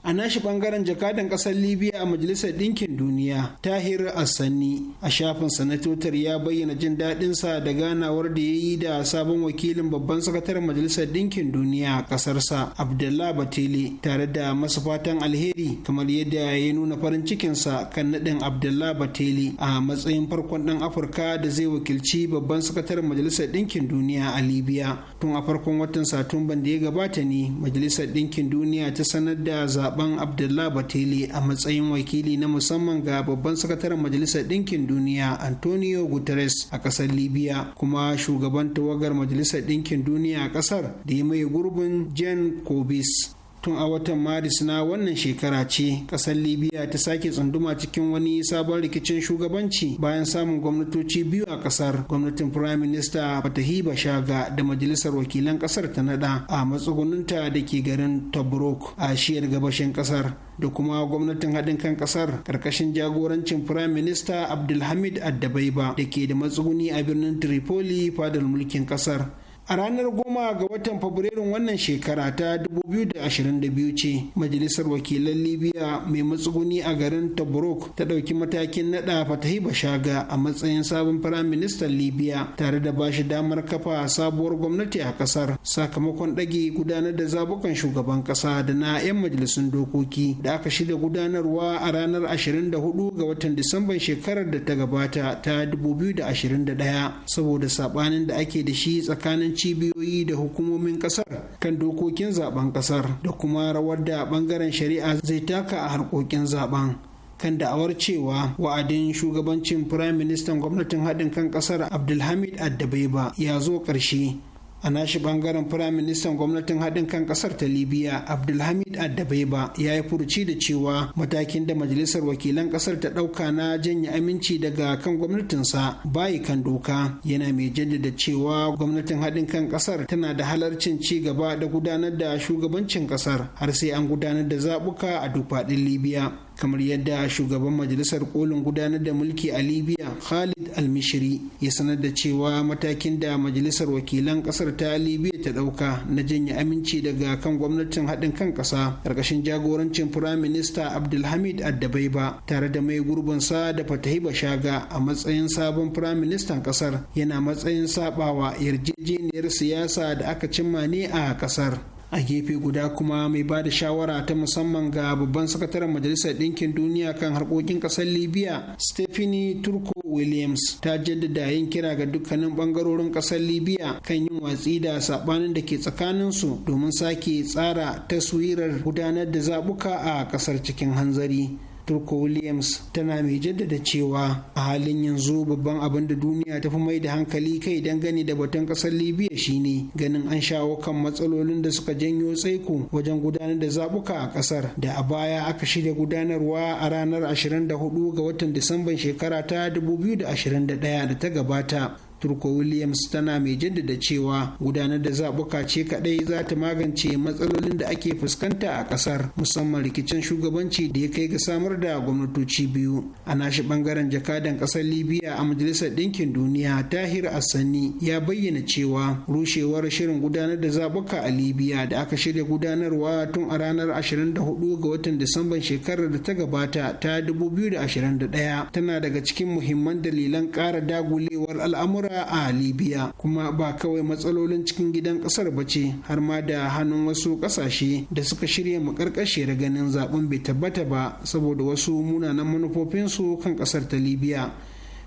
M: a nashi bangaren jakadan kasar libya a majalisar ɗinkin duniya tahir assani a shafin sanatotar ya bayyana jin daɗinsa da ganawar da ya yi da sabon wakilin babban sakataren majalisar ɗinkin duniya a ƙasarsa abdullah Batele, tare da masu fatan alheri kamar yadda ya nuna farin cikinsa kan naɗin abdullah batili a matsayin farkon ɗan afirka da zai wakilci babban sakataren majalisar ɗinkin duniya a libya tun a farkon watan satumban da ya gabata ne majalisar ɗinkin duniya ta sanar da zaben abdullah batele a matsayin wakili na musamman ga babban sakataren majalisar ɗinkin duniya antonio guterres a ƙasar libya kuma shugaban tawagar majalisar ɗinkin duniya a ƙasar da ya mai gurbin jen kobis tun a watan maris na wannan shekara ce kasar libya ta sake tsunduma cikin wani sabon rikicin shugabanci bayan samun gwamnatoci biyu a kasar gwamnatin prime minister fatahi bashaga da majalisar wakilan kasar ta nada a matsugunninta da ke garin tobruk a shiyar gabashin kasar da kuma gwamnatin haɗin kan ƙasar ƙarƙashin jagorancin Firayim Minista Abdulhamid Addabaiba da ke da matsuguni a birnin Tripoli fadar mulkin ƙasar. a ranar goma ga watan fabrairu wannan shekara ta 2022 ce majalisar wakilan libya mai matsuguni a garin tabrok ta ɗauki matakin naɗa fatahi shaga a matsayin sabon firaministan libya tare da ba shi damar kafa sabuwar gwamnati a ƙasar sakamakon ɗage gudanar da zabukan shugaban ƙasa da na 'yan majalisun dokoki da aka shirya gudanarwa a ranar 24 ga watan disamban shekarar da ta gabata ta 2021 saboda saɓanin da ake da shi tsakanin sauran cibiyoyi da hukumomin kasar kan dokokin zaben kasar da kuma rawar da bangaren shari'a zai taka a harkokin zaben kan da'awar cewa wa'adin shugabancin firayim ministan gwamnatin haɗin kan ƙasar abdulhamid addabaiba ya zo ƙarshe a nashi bangaren firaministan gwamnatin haɗin kan ƙasar ta libya abdulhamid addabaiba ya yi furuci da cewa matakin da majalisar wakilan ƙasar ta ɗauka na janye aminci daga kan gwamnatinsa bayi kan doka yana mai jaddada cewa gwamnatin haɗin kan ƙasar tana da halarcin ci gaba da gudanar da shugabancin ƙasar har sai an gudanar da zaɓuka a duk faɗin libya kamar yadda shugaban majalisar kolin gudanar da mulki a libya khalid almishiri ya sanar da cewa matakin da majalisar wakilan kasar ta libya ta dauka na janye aminci daga kan gwamnatin haɗin kan ƙasa ƙarƙashin jagorancin Minista abdulhamid addabaiba tare da mai gurbinsa da fatahi bashaga a matsayin sabon Ministan ƙasar yana matsayin sabawa yarjejeniyar siyasa da aka cimma ne a ƙasar a gefe guda kuma mai ba da shawara ta musamman ga babban sakataren majalisar ɗinkin duniya kan harkokin ƙasar libya stephanie turko williams ta jaddada yin kira ga dukkanin ɓangarorin ƙasar libya kan yin watsi da saɓanin da ke tsakaninsu domin sake tsara taswirar gudanar da zaɓuka a ƙasar cikin hanzari turko williams tana mai jaddada cewa a halin yanzu babban abin da duniya ta fi mai da hankali kai dangane da batun kasar libya shine ganin an shawo kan matsalolin da suka janyo tsaiko wajen gudanar da zabuka a kasar da a baya aka shirya gudanarwa a ranar 24 ga watan disamban shekara ta 2021 da ta gabata turko williams tana mai jaddada cewa gudanar da zaɓuka ce kaɗai za ta magance matsalolin da ake fuskanta a ƙasar musamman rikicin shugabanci da ya kai ga samar da gwamnatoci biyu a nashi ɓangaren jakadan ƙasar libya a majalisar ɗinkin duniya tahir assani ya bayyana cewa rushewar shirin gudanar da zaɓuka a libya da aka shirya gudanarwa tun a ranar 24 ga watan disamban shekarar da ta gabata ta 2021 tana daga cikin muhimman dalilan ƙara dagulewar al'amura ƙasa a libya kuma ba kawai matsalolin cikin gidan ƙasar ba ce har ma da hannun wasu ƙasashe da suka shirya ƙarƙashiyar ganin zaben bai tabbata ba saboda wasu munanan manufofinsu kan ƙasar ta libya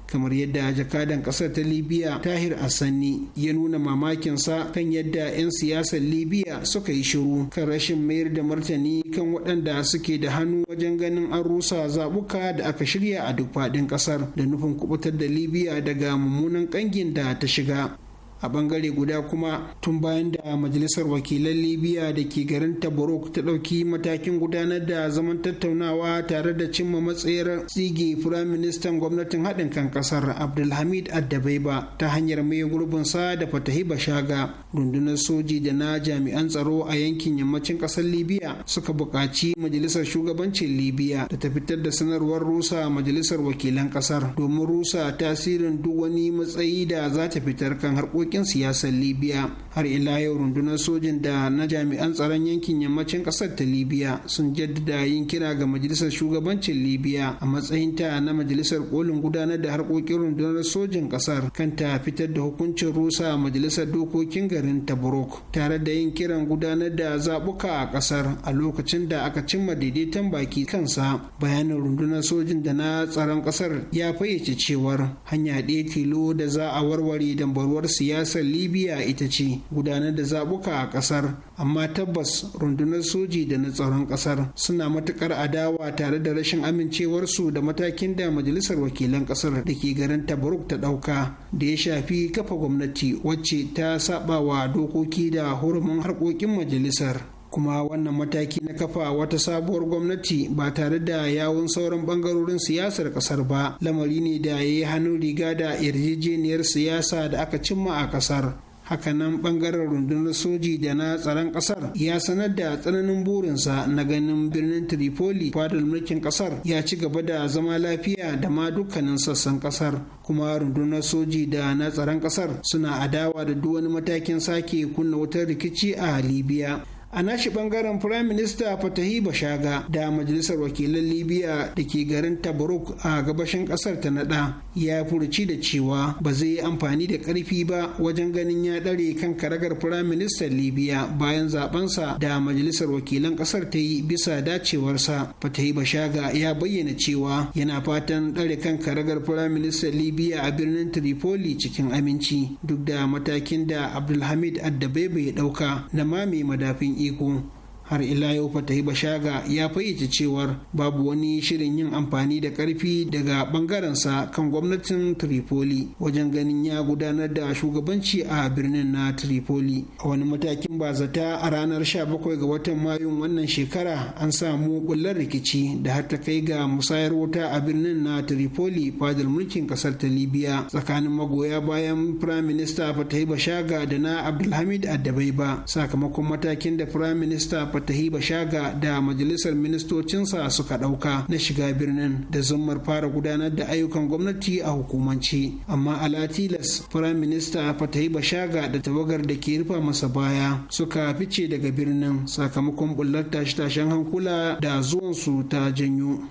M: kamar yadda jakadan kasar ta libya tahir asani ya nuna mamakinsa kan yadda 'yan siyasar libya suka yi shiru kan rashin mayar da martani kan waɗanda suke da hannu wajen ganin an rusa zaɓuka da aka shirya a duk faɗin ƙasar da nufin kubutar da libya daga mummunan ƙangin da ta shiga a bangare guda kuma tun bayan da majalisar wakilan libya da ke garin tabarok ta ɗauki matakin gudanar da zaman tattaunawa tare da cimma matsayar tsige firayim ministan gwamnatin haɗin kan ƙasar abdulhamid addabaiba ta hanyar mai gurbin sa da fatahi bashaga rundunar soji da na jami'an tsaro a yankin yammacin ƙasar libya suka buƙaci majalisar shugabancin libya da ta fitar da sanarwar rusa majalisar wakilan ƙasar domin rusa tasirin duk wani matsayi da za ta fitar kan harkokin yankin siyasar libya har ila yau rundunar sojin da na jami'an tsaron yankin yammacin kasar ta libya sun jaddada yin kira ga majalisar shugabancin libya a matsayin ta na majalisar kolin gudanar da harkokin rundunar sojin kasar kan ta fitar da hukuncin rusa a majalisar dokokin garin tabrok tare da yin kiran gudanar da zabuka a kasar a lokacin da aka cimma daidaiton baki kansa bayanin rundunar sojin da na tsaron kasar ya fayyace cewar hanya ɗaya tilo da za a warware dambaruwar siyasa siyasar libya ita ce gudanar da zabuka a kasar amma tabbas rundunar soji da na tsaron kasar suna matukar adawa tare da rashin amincewarsu da matakin da majalisar wakilan kasar da ke garin tabaruk ta dauka da ya shafi kafa gwamnati wacce ta saba wa dokoki da hurumin harkokin majalisar kuma wannan mataki na kafa wata sabuwar gwamnati ba tare da yawun sauran bangarorin siyasar kasar ba lamari ne da ya yi hannun riga da yarjejeniyar siyasa da aka cimma a kasar hakanan bangaren rundunar soji da na tsaron kasar ya sanar da tsananin burinsa na ganin birnin tripoli fadar mulkin kasar ya ci gaba da zama lafiya da ma dukkanin sassan kasar kuma rundunar soji da na tsaron kasar suna adawa da duk wani matakin sake kunna wutar rikici a libya a nashi bangaren prime minister fatahi bashaga da majalisar wakilan libya da ke garin tabaruk a gabashin kasar ta nada ya furci da cewa ba zai yi amfani da karfi ba wajen ganin ya dare kan karagar prime minister libya bayan zabensa da majalisar wakilan kasar ta yi bisa dacewarsa fatahi bashaga ya bayyana cewa yana fatan dare kan karagar prime minister libya a birnin tripoli cikin aminci duk da matakin da abdulhamid addabebe ya dauka na mame madafin 立功。har ila yau fatahi bashaga ya fayyace cewar babu wani shirin yin amfani da karfi daga bangarensa kan gwamnatin tripoli wajen ganin ya gudanar da shugabanci a birnin na tripoli a wani matakin ba zata a ranar 17 ga watan mayun wannan shekara an samu bullar rikici da har ta kai ga musayar wuta a birnin na tripoli fadar mulkin kasar ta libya tsakanin magoya bayan firayim minista fatahi bashaga da na abdulhamid addabai ba sakamakon matakin da prime minister. fatahiba shaga da majalisar ministocinsa suka ɗauka na shiga birnin da zummar fara gudanar da ayyukan gwamnati a hukumanci amma alatilas firayim minista fatahiba shaga da tawagar da ke rufa masa baya suka fice daga birnin sakamakon bullar tashe-tashen hankula da zuwansu ta janyo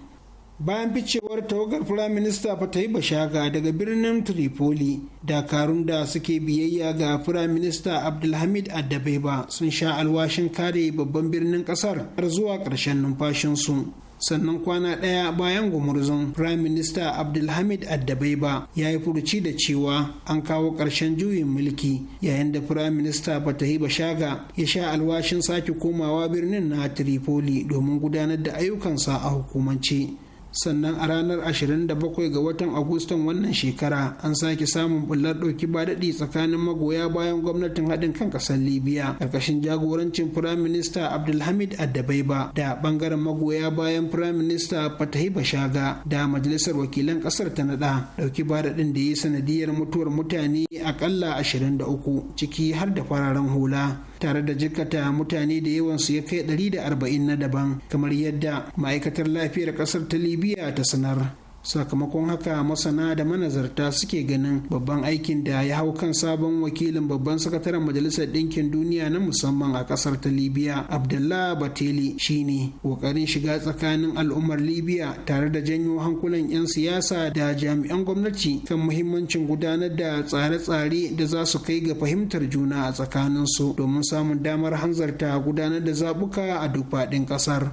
M: bayan ficewar tawagar firaminista yi bashaga daga birnin tripoli dakarun da suke biyayya ga firaminista abdulhamid addabeba sun sha alwashin kare babban birnin kasar har zuwa ƙarshen numfashinsu sannan kwana ɗaya bayan gumurzun Firaminista abdulhamid abdulhamid ba ya yi furuci da cewa an kawo ƙarshen juyin mulki yayin da Firaminista minister fatahi bashaga ya sha alwashin sake komawa birnin na tripoli domin gudanar da ayyukansa a hukumance sannan a ranar 27 ga watan agustan wannan shekara an sake samun bullar ɗauki ba daɗi tsakanin magoya bayan gwamnatin haɗin kan ƙasar libya ƙarƙashin jagorancin Firayim Minista abdulhamid addabaiba da ɓangaren magoya bayan Firayim Minista fatahi bashaga da majalisar wakilan ƙasar ta naɗa ɗauki ba daɗin da ya sanadiyar mutuwar mutane aƙalla 23 ciki har da fararen hula tare da jikkata mutane da yawansu ya kai 140 na daban kamar yadda ma'aikatar lafiyar kasar ta libya ta sanar sakamakon haka masana da manazarta suke ganin babban aikin da ya hau kan sabon wakilin babban sakataren majalisar ɗinkin duniya na musamman a ƙasar ta libya abdullah bateli shine ƙoƙarin shiga tsakanin al'ummar libya tare da janyo hankulan 'yan siyasa da jami'an gwamnati kan muhimmancin gudanar da tsare-tsare da za su kai ga fahimtar juna a tsakaninsu domin samun damar hanzarta gudanar da zaɓuka a duk faɗin ƙasar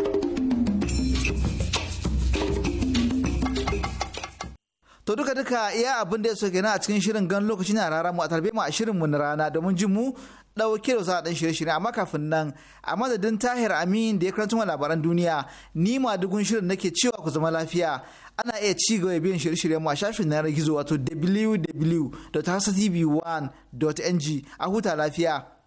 B: to duka duka iya abin da ya soke na a cikin shirin gan lokaci na rara mu a tarbe mu a shirin mu na rana domin jin mu dauke da sa dan shirye shirye amma kafin nan a madadin tahir amin da ya karanta mu labaran duniya ni ma dugun shirin nake cewa ku zama lafiya ana iya ci gaba biyan shirye shirye mu a shafin na gizo wato www.hasatv1.ng a huta lafiya